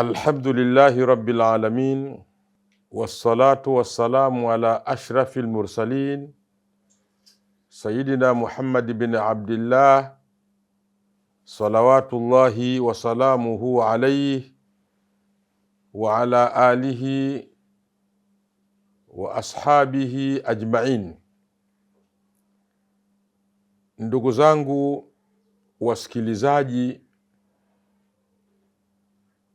Alhamdulillahi rabbil alamin wassalatu wassalamu ala ashrafil mursalin sayidina Muhammad bin Abdillah salawatullahi wasalamuhu alaihi wa ala alihi wa ashabihi ajmain. Ndugu zangu wasikilizaji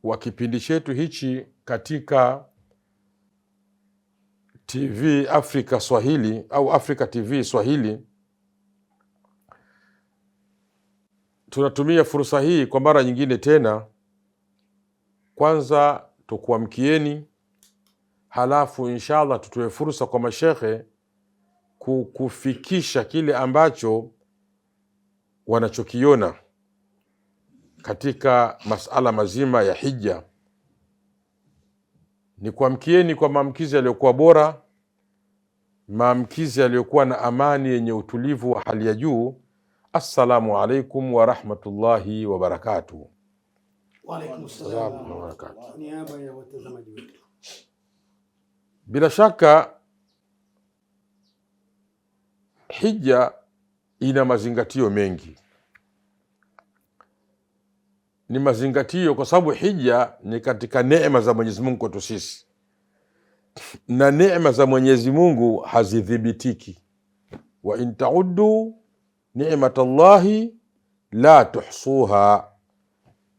wa kipindi chetu hichi katika TV Afrika Swahili au Afrika TV Swahili, tunatumia fursa hii kwa mara nyingine tena, kwanza tukuamkieni, halafu inshallah tutoe fursa kwa mashehe kukufikisha kile ambacho wanachokiona katika masala mazima ya hija ni kuamkieni kwa maamkizi yaliyokuwa bora, maamkizi yaliyokuwa na amani yenye utulivu wa hali ya juu. Assalamu alaikum warahmatullahi wabarakatuh. Bila shaka hija ina mazingatio mengi ni mazingatio, kwa sababu hija ni katika neema za Mwenyezi Mungu kwetu sisi, na neema za Mwenyezi Mungu hazidhibitiki. wa in taudu nimat Allahi la tuhsuha,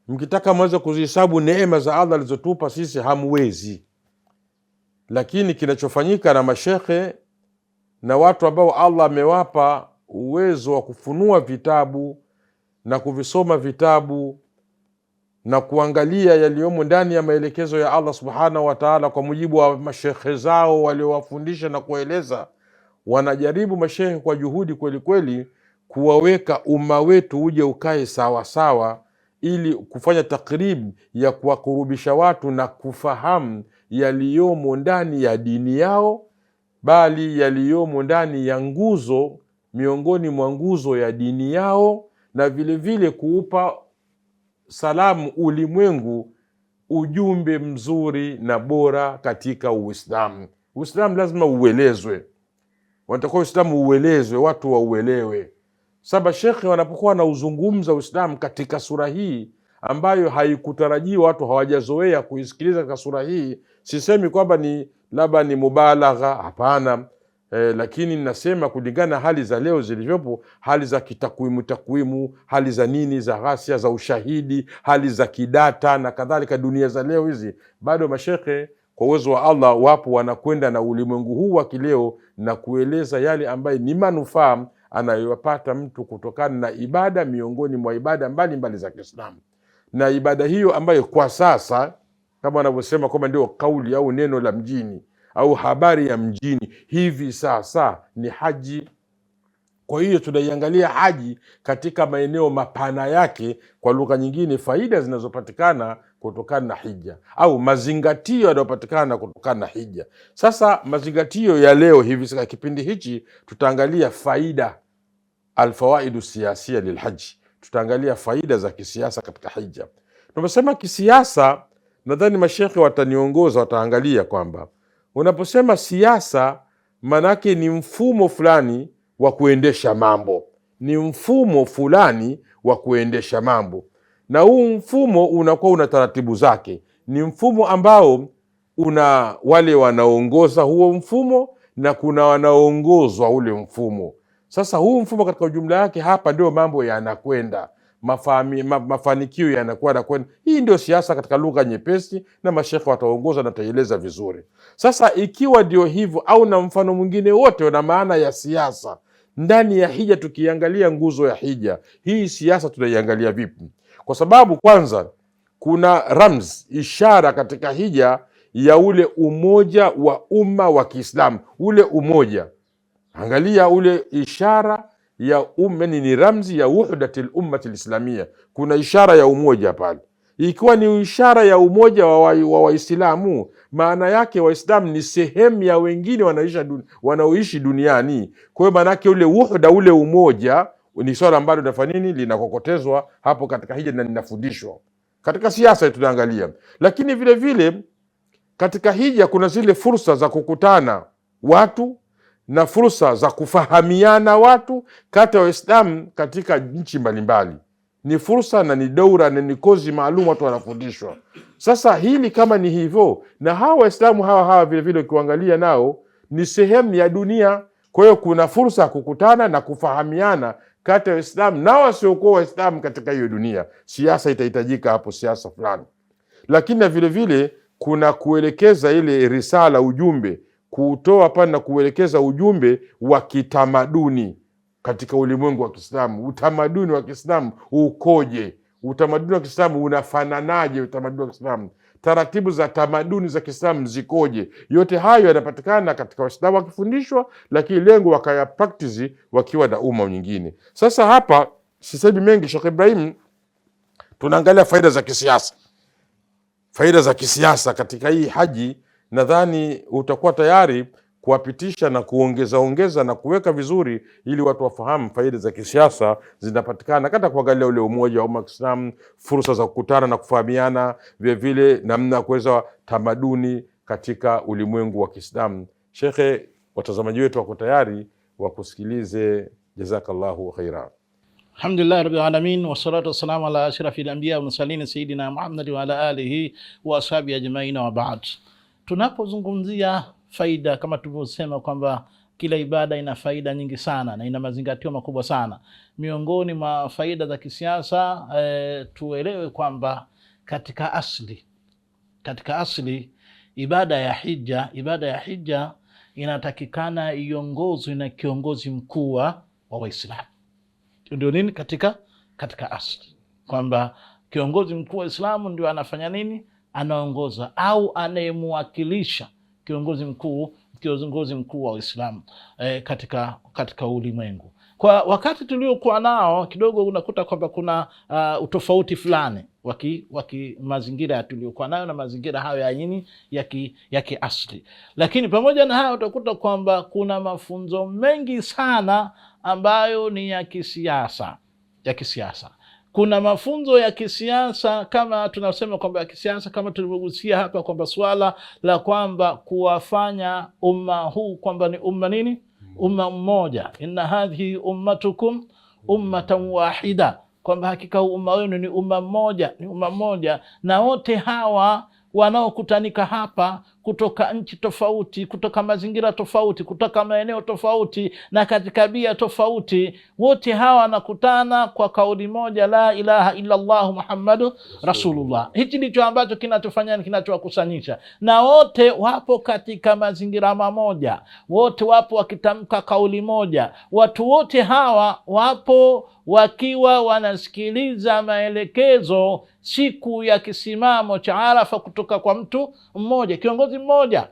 mkitaka mweze kuzihesabu neema za Allah alizotupa sisi hamwezi. Lakini kinachofanyika na mashekhe na watu ambao Allah amewapa uwezo wa kufunua vitabu na kuvisoma vitabu na kuangalia yaliyomo ndani ya maelekezo ya Allah subhanahu wataala kwa mujibu wa mashehe zao waliowafundisha na kuwaeleza. Wanajaribu mashehe kwa juhudi kwelikweli kuwaweka umma wetu uje ukae sawasawa sawa, ili kufanya takribu ya kuwakurubisha watu na kufahamu yaliyomo ndani ya dini yao, bali yaliyomo ndani ya nguzo miongoni mwa nguzo ya dini yao, na vilevile vile kuupa salamu ulimwengu ujumbe mzuri na bora katika Uislamu. Uislamu lazima uelezwe, wanatakiwa Uislamu uelezwe, watu wauelewe. Saba shekhe wanapokuwa wanauzungumza Uislamu katika sura hii ambayo haikutarajiwa, watu hawajazoea kuisikiliza katika sura hii. Sisemi kwamba ni labda ni mubalagha, hapana E, lakini nasema kulingana hali za leo zilivyopo, hali za kitakwimu takwimu, hali za nini za ghasia za ushahidi, hali za kidata na kadhalika, dunia za leo hizi, bado mashekhe kwa uwezo wa Allah wapo wanakwenda na ulimwengu huu wa kileo na kueleza yale ambayo ni manufaa anayopata mtu kutokana na ibada miongoni mwa ibada mbalimbali za Kiislamu, na ibada hiyo ambayo kwa sasa kama wanavyosema kwamba ndio kauli au neno la mjini au habari ya mjini hivi sasa ni haji. Kwa hiyo tunaiangalia haji katika maeneo mapana yake, kwa lugha nyingine, faida zinazopatikana kutokana na hija au mazingatio yanayopatikana kutokana na hija. Sasa mazingatio ya leo hivi sasa, kipindi hichi, tutaangalia faida, alfawaidu siasia lilhaji. Tutaangalia faida za kisiasa katika hija. Tumesema kisiasa, nadhani mashekhe wataniongoza, wataangalia kwamba Unaposema siasa, manake ni mfumo fulani wa kuendesha mambo, ni mfumo fulani wa kuendesha mambo, na huu mfumo unakuwa una taratibu zake. Ni mfumo ambao una wale wanaongoza huo mfumo na kuna wanaongozwa ule mfumo. Sasa huu mfumo katika ujumla yake, hapa ndio mambo yanakwenda mafanikio ma, mafanikio yanakuwa nakwenda. Hii ndio siasa katika lugha nyepesi, na mashekhe wataongoza na taieleza vizuri. Sasa ikiwa ndio hivyo au na mfano mwingine wote una maana ya siasa ndani ya hija, tukiangalia nguzo ya hija hii, siasa tunaiangalia vipi? Kwa sababu kwanza kuna rams ishara katika hija ya ule umoja wa umma wa Kiislamu, ule umoja, angalia ule ishara ya umma ni ramzi ya wuhdati lummati lislamia. Kuna ishara ya umoja pale, ikiwa ni ishara ya umoja wa Waislamu wa maana yake waislam ni sehemu ya wengine wanaoishi dun, duniani. Kwa hiyo maana yake ule wuhda, ule umoja ni swala ambalo nafanya nini, linakokotezwa hapo katika hija na linafundishwa katika siasa tunaangalia, lakini vilevile vile, katika hija kuna zile fursa za kukutana watu na fursa za kufahamiana watu kati ya Waislamu katika nchi mbalimbali. Ni fursa na ni doura na ni kozi maalum watu wanafundishwa. Sasa hili kama ni hivyo, na hawa Waislamu hawa hawa vilevile ukiangalia nao ni sehemu ya dunia. Kwa hiyo kuna fursa ya kukutana na kufahamiana kati ya Waislamu na wasiokuwa Waislamu katika hiyo dunia. Siasa itahitajika hapo, siasa fulani, lakini na vilevile kuna kuelekeza ile risala, ujumbe kuutoa pale na kuelekeza ujumbe wa kitamaduni katika ulimwengu wa Kiislamu. Utamaduni wa Kiislamu ukoje? Utamaduni wa Kiislamu unafananaje? Utamaduni wa Kiislamu, taratibu za tamaduni za Kiislamu zikoje? Yote hayo yanapatikana katika Waislamu wakifundishwa, lakini lengo wakayapraktizi wakiwa na umma nyingine. Sasa hapa sisemi mengi, Sheikh Ibrahim, tunaangalia faida za kisiasa, faida za kisiasa katika hii haji nadhani utakuwa tayari kuwapitisha na kuongeza ongeza na kuweka vizuri, ili watu wafahamu faida za kisiasa zinapatikana hata kuangalia ule umoja wa umma Kiislamu, fursa za kukutana na kufahamiana, vilevile namna ya kuweza tamaduni katika ulimwengu wa Kiislamu. Shekhe, watazamaji wetu wako tayari wakusikilize. Jazakallahu khaira. Alhamdulillah rabbil alamin wassalatu wassalamu ala ashrafil anbiya wal mursalin sayidina Muhammad wa ala alihi wa ashabihi ajmain wa ba'd tunapozungumzia faida kama tulivyosema kwamba kila ibada ina faida nyingi sana na ina mazingatio makubwa sana. Miongoni mwa faida za kisiasa e, tuelewe kwamba katika asli, katika asli ibada ya hija, ibada ya hija inatakikana iongozwe na kiongozi mkuu wa Waislamu. Ndio nini katika katika asli kwamba kiongozi mkuu wa Islamu ndio anafanya nini anaongoza au anayemwakilisha kiongozi mkuu kiongozi mkuu wa Uislamu e, katika katika ulimwengu. Kwa wakati tuliokuwa nao kidogo unakuta kwamba kuna uh, utofauti fulani waki, waki mazingira tuliokuwa nayo na mazingira hayo ya nini ya kiasli, lakini pamoja na hayo utakuta kwamba kuna mafunzo mengi sana ambayo ni ya kisiasa ya kisiasa kuna mafunzo ya kisiasa kama tunasema kwamba ya kisiasa kama tulivyogusia hapa kwamba swala la kwamba kuwafanya umma huu kwamba ni umma nini, mm-hmm. umma mmoja, inna hadhihi ummatukum ummatan wahida, kwamba hakika umma wenu ni umma mmoja, ni umma mmoja, na wote hawa wanaokutanika hapa kutoka nchi tofauti, kutoka mazingira tofauti, kutoka maeneo tofauti na katika bia tofauti, wote hawa wanakutana kwa kauli moja, la ilaha illa llahu muhammadu rasulullah. Hichi ndicho ambacho kinachofanyani, kinachowakusanyisha, na wote wapo katika mazingira mamoja, wote wapo wakitamka kauli moja. Watu wote hawa wapo wakiwa wanasikiliza maelekezo siku ya kisimamo cha Arafa kutoka kwa mtu mmoja, kiongozi mmoja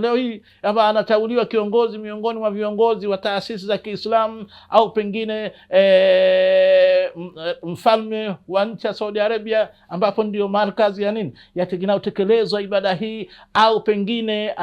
Leo hii hapa anatauliwa kiongozi miongoni mwa viongozi wa taasisi za Kiislamu au pengine e, mfalme wa nchi ya Saudi Arabia, ambapo ndio markazi ya nini inayotekelezwa ibada hii, au pengine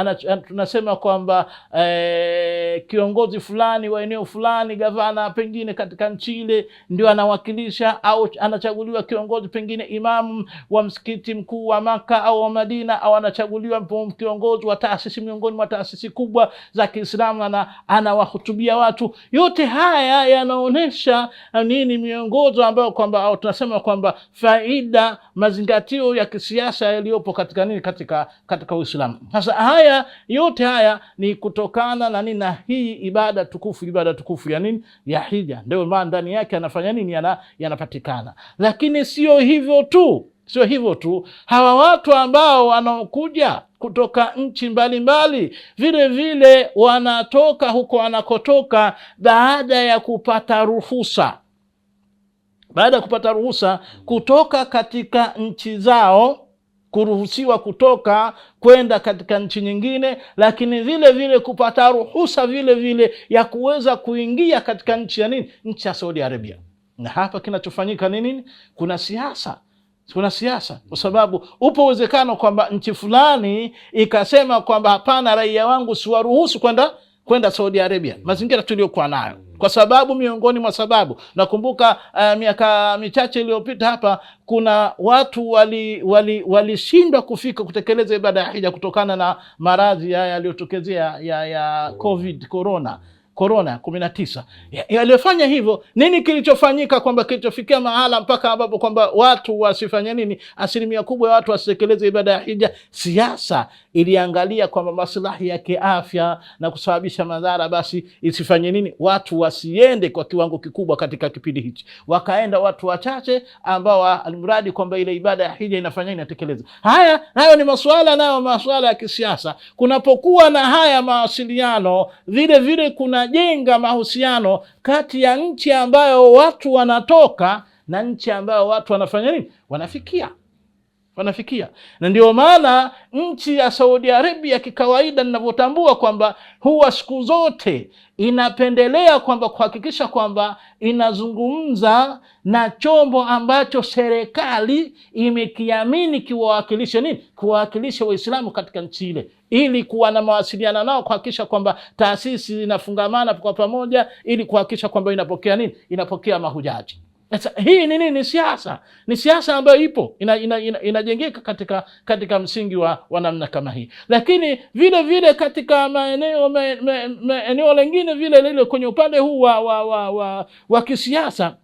tunasema kwamba e, kiongozi fulani wa eneo fulani, gavana pengine katika nchi ile ndio anawakilisha, au anachaguliwa kiongozi pengine imamu wa msikiti mkuu wa Maka au wa Madina, au anachaguliwa kiongozi wa taasisi miongoni mwa taasisi kubwa za Kiislamu na anawahutubia watu. Yote haya yanaonyesha nini? Miongozo ambayo kwamba tunasema kwamba faida, mazingatio ya kisiasa yaliyopo katika nini, katika katika Uislamu. Sasa haya yote haya ni kutokana na nini? Na hii ibada tukufu, ibada tukufu ya nini, ya hija, ndio maana ndani yake anafanya nini, yanapatikana lakini sio hivyo tu, sio hivyo tu, hawa watu ambao wanaokuja kutoka nchi mbalimbali, vile vile wanatoka huko wanakotoka baada ya kupata ruhusa, baada ya kupata ruhusa kutoka katika nchi zao kuruhusiwa kutoka kwenda katika nchi nyingine, lakini vile vile kupata ruhusa vile vile ya kuweza kuingia katika nchi ya nini, nchi ya Saudi Arabia. Na hapa kinachofanyika ni nini? Kuna siasa kuna siasa kwa sababu upo uwezekano kwamba nchi fulani ikasema kwamba hapana, raia wangu siwaruhusu kwenda kwenda Saudi Arabia, mazingira tuliyokuwa nayo kwa sababu miongoni mwa sababu nakumbuka, uh, miaka michache iliyopita hapa kuna watu walishindwa wali, wali kufika kutekeleza ibada ya hija kutokana na maradhi haya yaliyotokezea ya, ya, ya COVID corona korona ya kumi na tisa yaliyofanya hivyo. Nini kilichofanyika kwamba kilichofikia mahala mpaka ambapo kwamba watu wasifanye nini, asilimia kubwa ya watu wasitekeleze ibada ya hija? Siasa iliangalia kwamba maslahi ya kiafya na kusababisha madhara, basi isifanye nini, watu wasiende kwa kiwango kikubwa katika kipindi hichi, wakaenda watu wachache ambao almradi kwamba ile ibada ya hija inafanya inatekeleza. Haya nayo ni masuala nayo masuala ya kisiasa. Kunapokuwa na haya mawasiliano, vile vile kunajenga mahusiano kati ya nchi ambayo watu wanatoka na nchi ambayo watu wanafanya nini, wanafikia wanafikia. Na ndio maana nchi ya Saudi Arabia kikawaida, ninavyotambua kwamba huwa siku zote inapendelea kwamba kuhakikisha kwamba inazungumza na chombo ambacho serikali imekiamini kiwawakilishe nini, kiwawakilishe Waislamu katika nchi ile, ili kuwa na mawasiliano nao, kuhakikisha kwamba taasisi inafungamana kwa pamoja, ili kuhakikisha kwamba inapokea nini, inapokea mahujaji. Sasa hii ni nini? Ni siasa, ni siasa ambayo ipo inajengeka ina, ina, ina katika katika msingi wa, wa namna kama hii, lakini vile vile katika maeneo maeneo lengine vile lile kwenye upande huu wa, wa, wa, wa, wa kisiasa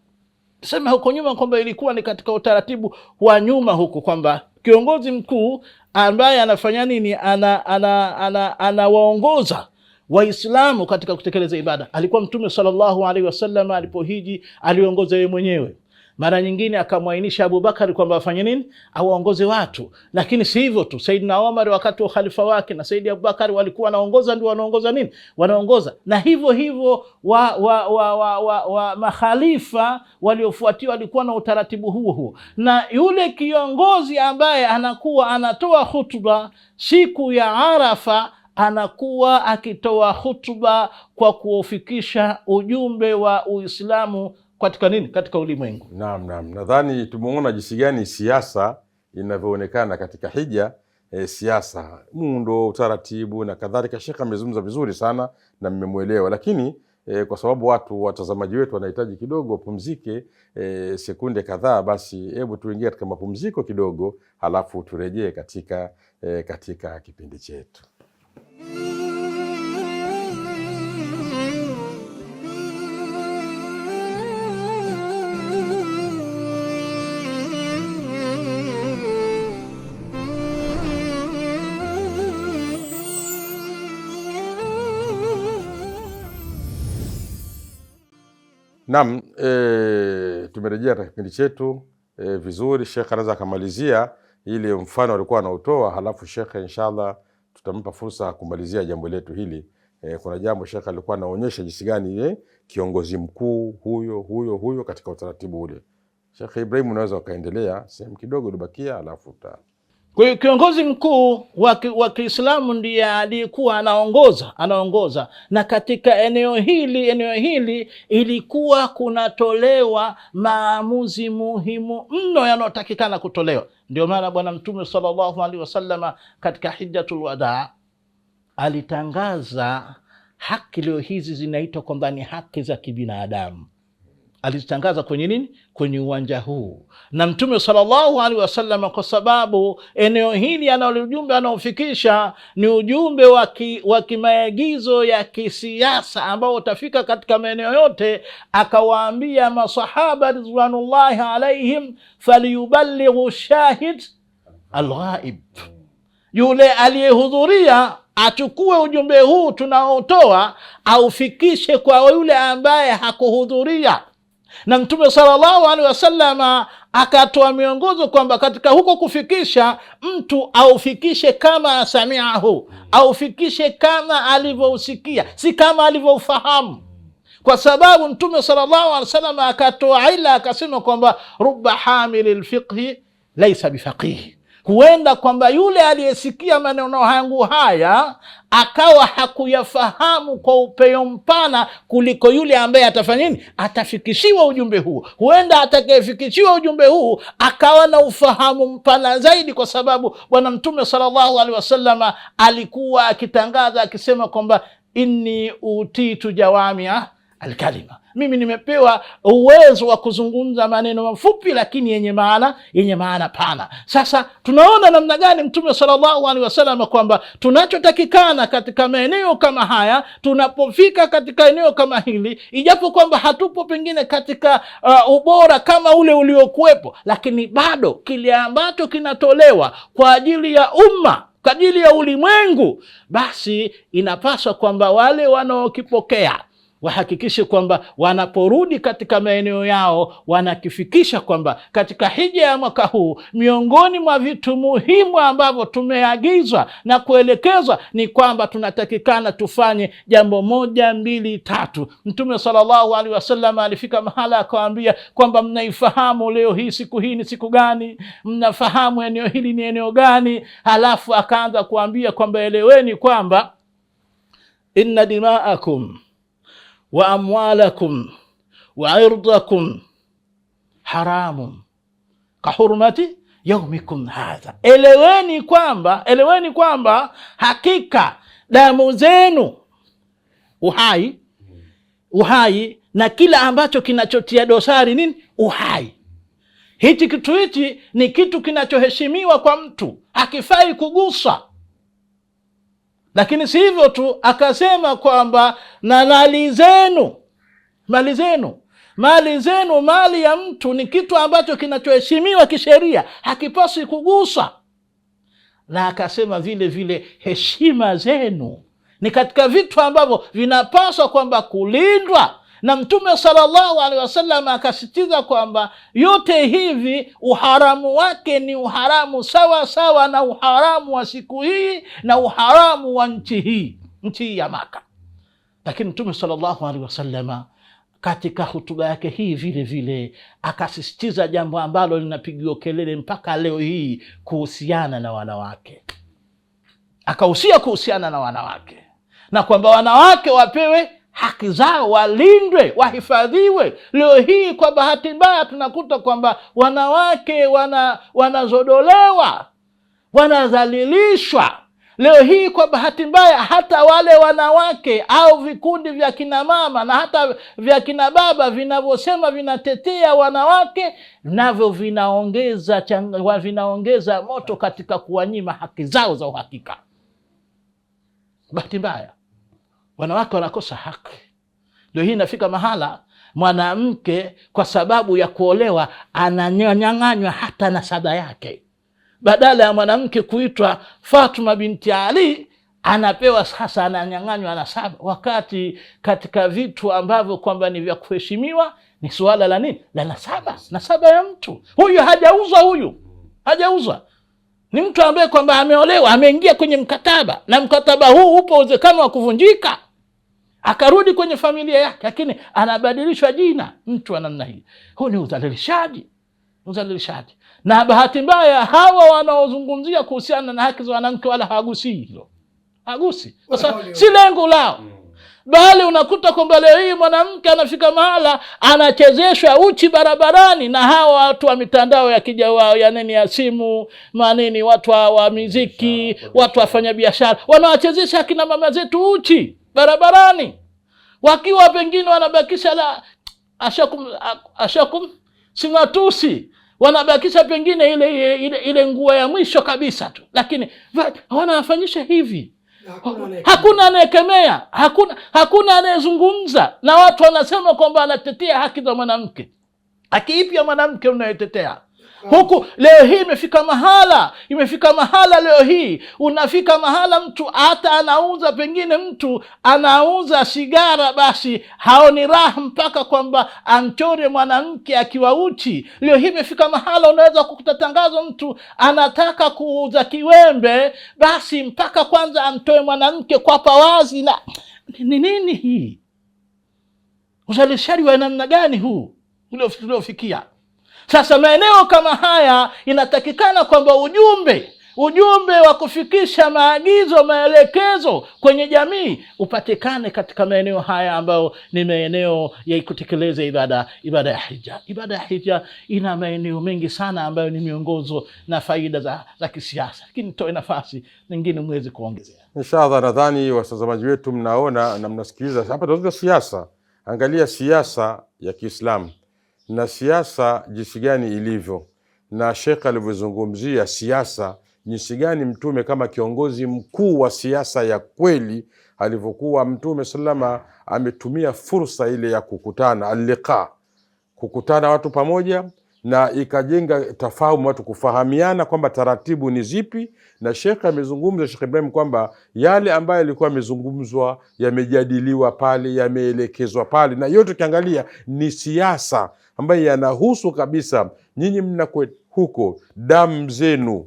sema huko nyuma kwamba ilikuwa ni katika utaratibu wa nyuma huku kwamba kiongozi mkuu ambaye anafanya nini, anawaongoza ana, ana, ana, ana Waislamu katika kutekeleza ibada. Alikuwa Mtume sallallahu alaihi wasallam alipohiji aliongoza yeye mwenyewe, mara nyingine akamwainisha Abubakari kwamba afanye nini, awaongoze watu. Lakini si hivyo tu, Saidina Omar wakati wa ukhalifa wake na Saidi Abubakari walikuwa wanaongoza, ndio wanaongoza nini, wanaongoza na hivyo hivyo wa, wa, wa, wa, wa, wa makhalifa waliofuatia walikuwa na utaratibu huo huo, na yule kiongozi ambaye anakuwa anatoa khutba siku ya Arafa anakuwa akitoa hutuba kwa kuufikisha ujumbe wa Uislamu katika nini, katika ulimwengu. Naam, naam, nadhani tumeona jinsi gani siasa inavyoonekana katika hija e, siasa, muundo, utaratibu na kadhalika. Shekhe amezungumza vizuri sana na mmemwelewa, lakini e, kwa sababu watu watazamaji wetu wanahitaji kidogo wapumzike e, sekunde kadhaa, basi hebu tuingie katika mapumziko kidogo, halafu turejee katika e, katika kipindi chetu. Naam, e, tumerejea katika kipindi chetu e, vizuri. Shekhe anaweza akamalizia ile mfano alikuwa anautoa, halafu shekhe inshallah tutampa fursa kumalizia jambo letu hili. E, kuna jambo shekhe alikuwa anaonyesha jinsi gani ye eh, kiongozi mkuu huyo huyo huyo katika utaratibu ule. Shekhe Ibrahim, unaweza ukaendelea sehemu kidogo ilibakia, alafu ta kwa hiyo kiongozi mkuu wa Kiislamu ndiye aliyekuwa anaongoza anaongoza, na katika eneo hili eneo hili ilikuwa kunatolewa maamuzi muhimu mno yanayotakikana kutolewa. Ndio maana Bwana Mtume sallallahu alaihi wasallam katika Hijjatul Wadaa alitangaza haki, leo hizi zinaitwa kwamba ni haki za kibinadamu alitangaza kwenye nini? Kwenye uwanja huu, na Mtume sallallahu alehi wasallam, kwa sababu eneo hili analo ujumbe anaofikisha ni ujumbe wa kimaagizo ya kisiasa ambao utafika katika maeneo yote, akawaambia masahaba ridwanullahi alaihim, falyubalighu shahid alghaib, yule aliyehudhuria achukue ujumbe huu tunaotoa aufikishe kwa yule ambaye hakuhudhuria na Mtume salallahu alehi wasalama akatoa miongozo kwamba katika huko kufikisha mtu aufikishe kama samiahu, aufikishe kama alivyousikia, si kama alivyoufahamu, kwa sababu Mtume sallallahu alaihi wasallama akatoa ila akasema kwamba ruba hamili lfiqhi laisa bifaqihi Huenda kwamba yule aliyesikia maneno yangu haya akawa hakuyafahamu kwa upeo mpana kuliko yule ambaye atafanya nini, atafikishiwa ujumbe huu. Huenda atakayefikishiwa ujumbe huu akawa na ufahamu mpana zaidi, kwa sababu Bwana Mtume sallallahu alehi wasalama alikuwa akitangaza akisema kwamba inni utitu jawamia alkalima. Mimi nimepewa uwezo wa kuzungumza maneno mafupi lakini yenye maana yenye maana pana. Sasa tunaona namna gani Mtume sallallahu alaihi wasallam kwamba tunachotakikana katika maeneo kama haya, tunapofika katika eneo kama hili, ijapo kwamba hatupo pengine katika uh, ubora kama ule uliokuwepo, lakini bado kile ambacho kinatolewa kwa ajili ya umma kwa ajili ya ulimwengu, basi inapaswa kwamba wale wanaokipokea wahakikishe kwamba wanaporudi katika maeneo yao wanakifikisha kwamba katika hija ya mwaka huu miongoni mwa vitu muhimu ambavyo tumeagizwa na kuelekezwa ni kwamba tunatakikana tufanye jambo moja mbili tatu. Mtume sallallahu alaihi wasallam alifika mahala akawaambia kwamba mnaifahamu leo hii siku hii ni siku gani? Mnafahamu eneo hili ni eneo gani? Halafu akaanza kuambia kwamba eleweni kwamba inna dimaakum wa amwalakum wa irdakum haramun kahurmati yaumikum hadha. Eleweni kwamba eleweni kwamba hakika damu zenu, uhai uhai na kila ambacho kinachotia dosari nini uhai, hichi kitu hichi ni kitu kinachoheshimiwa kwa mtu, hakifai kugusa lakini si hivyo tu, akasema kwamba na mali zenu, mali zenu, mali zenu. Mali ya mtu ni kitu ambacho kinachoheshimiwa kisheria, hakipaswi kugusa. Na akasema vile vile heshima zenu ni katika vitu ambavyo vinapaswa kwamba kulindwa na Mtume salallahu alaihi wasallam akasitiza kwamba yote hivi uharamu wake ni uharamu sawa sawa na uharamu wa siku hii na uharamu wa nchi hii, nchi hii ya Maka. Lakini Mtume salallahu alaihi wasallama katika hutuba yake hii vile vile akasisitiza jambo ambalo linapigiwa kelele mpaka leo hii kuhusiana na wanawake. Akahusia kuhusiana na wanawake na kwamba wanawake wapewe haki zao walindwe, wahifadhiwe. Leo hii kwa bahati mbaya tunakuta kwamba wanawake wana wanazodolewa, wanadhalilishwa. Leo hii kwa bahati mbaya hata wale wanawake au vikundi vya kinamama na hata vya kinababa vinavyosema vinatetea wanawake navyo vinaongeza changa, vinaongeza moto katika kuwanyima haki zao za uhakika. Bahati mbaya wanawake wanakosa haki. Ndio hii inafika mahala mwanamke kwa sababu ya kuolewa ananyang'anywa hata nasaba yake. Badala ya mwanamke kuitwa Fatuma binti Ali anapewa sasa, ananyang'anywa nasaba, wakati katika vitu ambavyo kwamba ni vya kuheshimiwa ni suala la nini, la nasaba. Nasaba ya mtu huyu hajauzwa, huyu hajauzwa ni mtu ambaye kwamba ameolewa, ameingia kwenye mkataba, na mkataba huu upo uwezekano wa kuvunjika akarudi kwenye familia yake, lakini anabadilishwa jina mtu wa namna hii. Huu ni udhalilishaji, udhalilishaji. Na bahati mbaya hawa wanaozungumzia kuhusiana na haki za wanawake wala hawagusii hilo, hagusi kwa sababu si lengo lao mm. bali unakuta kwamba leo hii mwanamke anafika mahala anachezeshwa uchi barabarani na hawa watu wa mitandao ya kijawao ya nini ya simu manini, watu wa miziki, watu wafanya biashara, wanawachezesha akina mama zetu uchi barabarani, wakiwa pengine wanabakisha la ashakum, ashakum simatusi wanabakisha pengine ile ile, ile nguo ya mwisho kabisa tu, lakini wanawafanyisha hivi. Hakuna anayekemea, hakuna hakuna anayezungumza, na watu wanasema kwamba anatetea haki za mwanamke. Haki mwanamke unayetetea huku leo hii imefika mahala, imefika mahala leo hii unafika mahala mtu hata anauza, pengine mtu anauza sigara, basi haoni raha mpaka kwamba amchore mwanamke akiwa uchi. Leo hii imefika mahala unaweza kukuta tangazo, mtu anataka kuuza kiwembe, basi mpaka kwanza amtoe mwanamke kwa pawazi. Na ni nini hii? Uzalishaji wa namna gani huu uliofikia? Sasa maeneo kama haya inatakikana kwamba ujumbe ujumbe wa kufikisha maagizo, maelekezo kwenye jamii upatikane katika maeneo haya ambayo ni maeneo ya kutekeleza ibada ibada ya hija. Ibada ya hija ina maeneo mengi sana ambayo ni miongozo na faida za, za kisiasa, lakini toe nafasi nyingine mwezi kuongezea inshallah. Nadhani watazamaji wetu mnaona na mnasikiliza hapa, tunazungumza siasa. Angalia siasa ya Kiislamu na siasa jinsi gani ilivyo, na Sheikh alivyozungumzia siasa jinsi gani Mtume kama kiongozi mkuu wa siasa ya kweli alivyokuwa Mtume salama ametumia fursa ile ya kukutana alliqa, kukutana watu pamoja na ikajenga tafahumu, watu kufahamiana kwamba taratibu ni zipi, na shekhe amezungumza, Shekhe Ibrahim, kwamba yale ambayo yalikuwa yamezungumzwa, yamejadiliwa pale, yameelekezwa pale, na yote ukiangalia ni siasa ambayo yanahusu kabisa nyinyi mnakwe huko, damu zenu,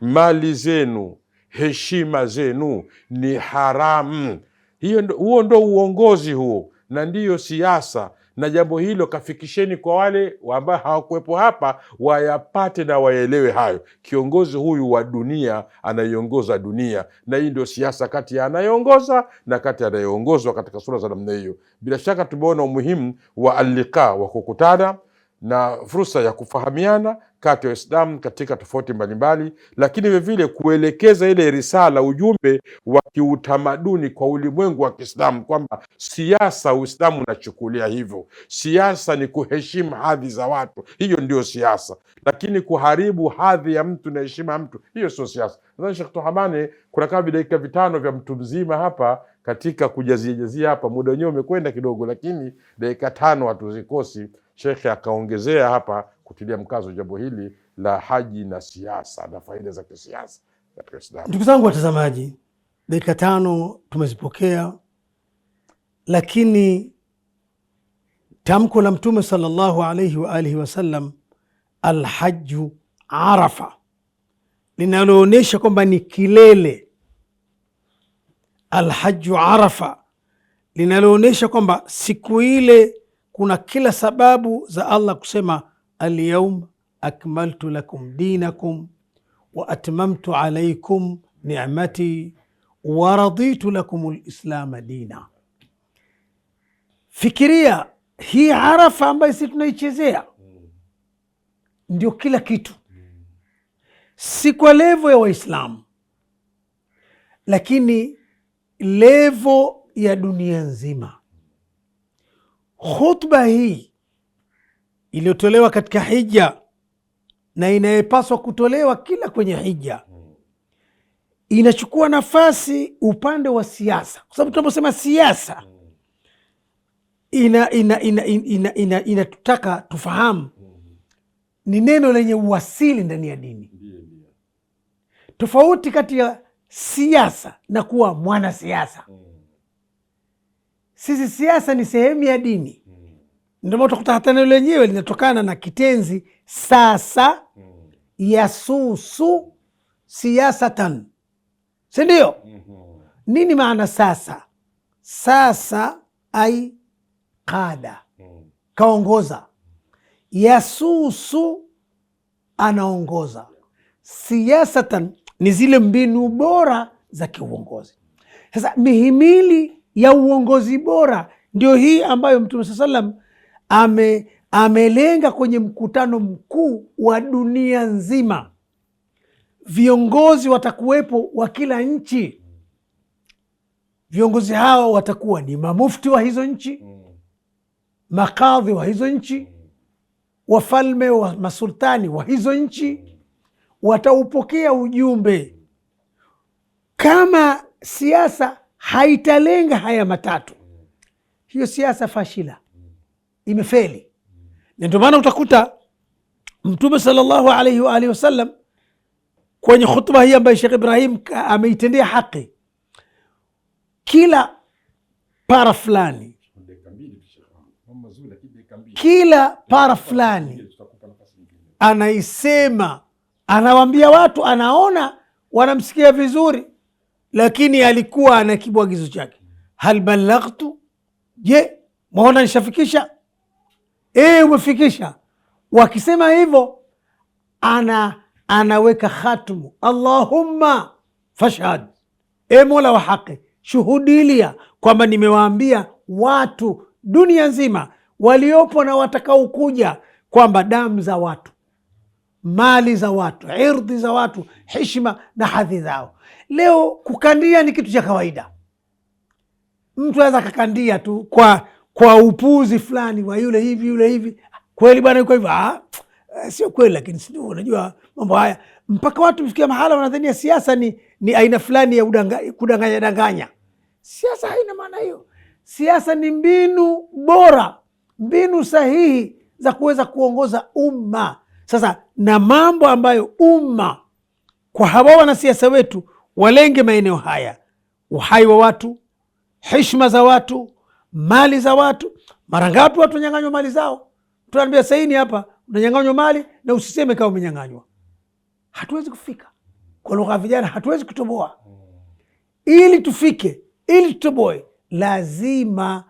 mali zenu, heshima zenu ni haramu. Hiyo, huo ndo uongozi huo, na ndiyo siasa na jambo hilo kafikisheni kwa wale ambao hawakuwepo hapa, wayapate na waelewe hayo. Kiongozi huyu wa dunia anaiongoza dunia, na hii ndio siasa kati ya anayeongoza na kati ya anayeongozwa katika sura za namna hiyo. Bila shaka tumeona umuhimu wa alliqa wa kukutana na fursa ya kufahamiana kati ya Waislamu katika tofauti mbalimbali, lakini vilevile kuelekeza ile risala, ujumbe wa kiutamaduni kwa ulimwengu wa Kiislamu kwamba siasa, Uislamu unachukulia hivyo, siasa ni kuheshimu hadhi za watu, hiyo ndio siasa. Lakini kuharibu hadhi ya mtu na heshima ya mtu, hiyo sio siasa. Nadhani Sheikh Tuhamane, kuna kama dakika vitano vya mtu mzima hapa katika kujaziajazia hapa, muda wenyewe umekwenda kidogo, lakini dakika tano hatuzikosi. Shekhe akaongezea hapa kutilia mkazo jambo hili la haji na siasa na faida za kisiasa katika Uislamu. Ndugu zangu watazamaji, dakika tano tumezipokea, lakini tamko la Mtume sallallahu alaihi wa alihi wasallam, alhaju Arafa, linaloonyesha kwamba ni kilele. Alhaju Arafa linaloonyesha kwamba siku ile kuna kila sababu za Allah kusema alyaum akmaltu lakum dinakum wa atmamtu alaikum nimati wa raditu lakum lislama dina. Fikiria hii Arafa ambayo si tunaichezea, ndio kila kitu, si kwa levo ya Waislamu lakini levo ya dunia nzima. Khutba hii iliyotolewa katika hija na inayepaswa kutolewa kila kwenye hija inachukua nafasi upande wa siasa, kwa sababu tunaposema siasa inatutaka ina, ina, ina, ina, ina tufahamu ni neno lenye uwasili ndani ya dini. Tofauti kati ya siasa na kuwa mwanasiasa, sisi siasa ni sehemu ya dini ndio maana utakuta hata neno lenyewe linatokana na kitenzi sasa, yasusu siasatan si ndio? Mhm. Nini maana sasa? Sasa ai qada, mhm. kaongoza. Yasusu anaongoza. siasatan ni zile mbinu bora za kiuongozi. Sasa mihimili ya uongozi bora ndio hii ambayo Mtume saa salam ame amelenga kwenye mkutano mkuu wa dunia nzima. Viongozi watakuwepo wa kila nchi. Viongozi hawa watakuwa ni mamufti wa hizo nchi, makadhi wa hizo nchi, wafalme wa masultani wa hizo nchi. Wataupokea ujumbe. Kama siasa haitalenga haya matatu, hiyo siasa fashila imefeli, na ndio maana utakuta Mtume sallallahu alaihi wa alihi wasallam kwenye khutba hii ambayo Shekh Ibrahim ameitendea haki, kila para fulani kila para fulani anaisema, anawambia watu, anaona wanamsikia vizuri, lakini alikuwa ana kibwagizo chake. Hal balaghtu, je, mwaona nishafikisha? ee, umefikisha. Wakisema hivyo ana anaweka khatmu, Allahumma fashhad, e Mola wa haki, shuhudilia kwamba nimewaambia watu dunia nzima waliopo na watakaokuja kwamba damu za watu, mali za watu, irdhi za watu, heshima na hadhi zao. Leo kukandia ni kitu cha kawaida, mtu aweza akakandia tu kwa kwa upuzi fulani wa yule hivi yule hivi, kweli bwana yuko hivyo, ah, eh, sio kweli, lakini si unajua mambo haya, mpaka watu mfikia mahala wanadhania siasa ni, ni aina fulani ya kudanganya danganya. Siasa haina maana hiyo. Siasa ni mbinu bora, mbinu sahihi za kuweza kuongoza umma. Sasa na mambo ambayo umma kwa hawa wanasiasa wetu walenge maeneo haya: uhai wa watu, heshima za watu mali za watu. Mara ngapi watu wanyang'anywa mali zao? Tunaambia saini hapa, unanyang'anywa mali na usiseme kama umenyang'anywa. Hatuwezi kufika kwa lugha ya vijana, hatuwezi kutoboa. Ili tufike, ili tutoboe, lazima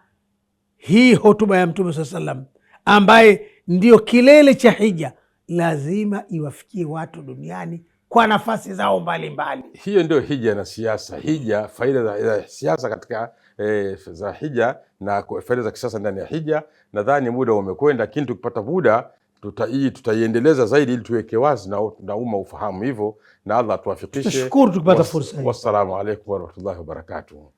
hii hotuba ya Mtume saa salam, ambaye ndio kilele cha hija, lazima iwafikie watu duniani kwa nafasi zao mbalimbali mbali. Hiyo ndio hija na siasa, hija faida za siasa katika e, za hija na faida za kisasa ndani ya hija. Nadhani muda umekwenda, lakini tukipata muda tutai, tutaiendeleza zaidi ili tuweke wazi na, na umma ufahamu hivyo, na Allah tuwafikishe. Tushukuru tukipata fursa. Wassalamu alaikum warahmatullahi wabarakatuh.